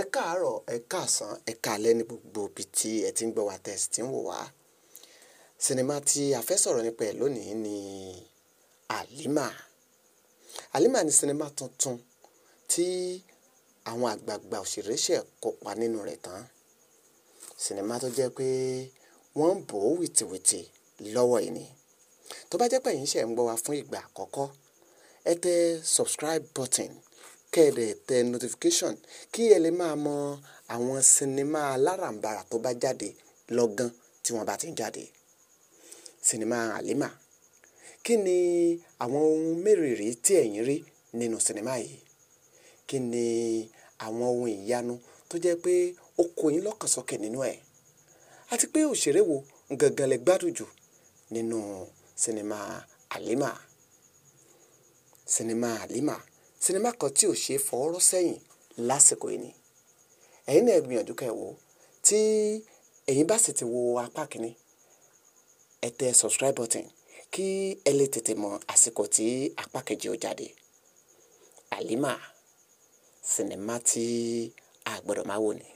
ẹ káàárọ̀ ẹ káàsán ẹ káalẹ́ ní gbogbo ibi tí ẹ ti ń gbọ́ wa tẹ́ ti ń wò wá. sinimá tí a fẹ́ sọ̀rọ̀ nípa ẹ̀ lónìí ni alima alima ni sinimá tuntun tí àwọn àgbààgbà òṣèré ṣẹ̀ kópa nínú rẹ̀ tán. sinimá tó jẹ́ pé wọ́n ń bò ó wìtìwìtì lọ́wọ́ yìí ni. tó bá jẹ́ pé ẹ̀yin ń gbọ́ wa fún ìgbà àkọ́kọ́ ẹ tẹ subscribe button kẹ́ẹ̀dẹ̀ tẹ notification kí ẹ lè máa mọ àwọn sinimá aláràǹbarà tó bá jáde lọ́gán tí wọ́n bá ti ń jáde. Sinimá Halima. Kí ni àwọn ohun mérìíìírí tí ẹ̀yin rí nínú sinimá yìí? Kí ni àwọn ohun ìyanu tó jẹ́ pé ó kó yín lọ́kàn sókè nínú ẹ̀? Àti pé òṣèré wo gangan lẹ gbádùn jù nínú sinimá Halima? Sinimá Halima sinimá kan tí ò ṣe fọwọ́rọ́ sẹ́yìn lásìkò yìí ni ẹ̀yin náà gbìyànjú kẹ́ ẹ wò ó tí ẹ̀yin bá sì ti wo apá kìíní ẹ tẹ subscribe button kí ẹ lè tètè mọ àsìkò tí apá kejì ó jáde Halima sinimá tí a gbọ́dọ̀ máa wò ni.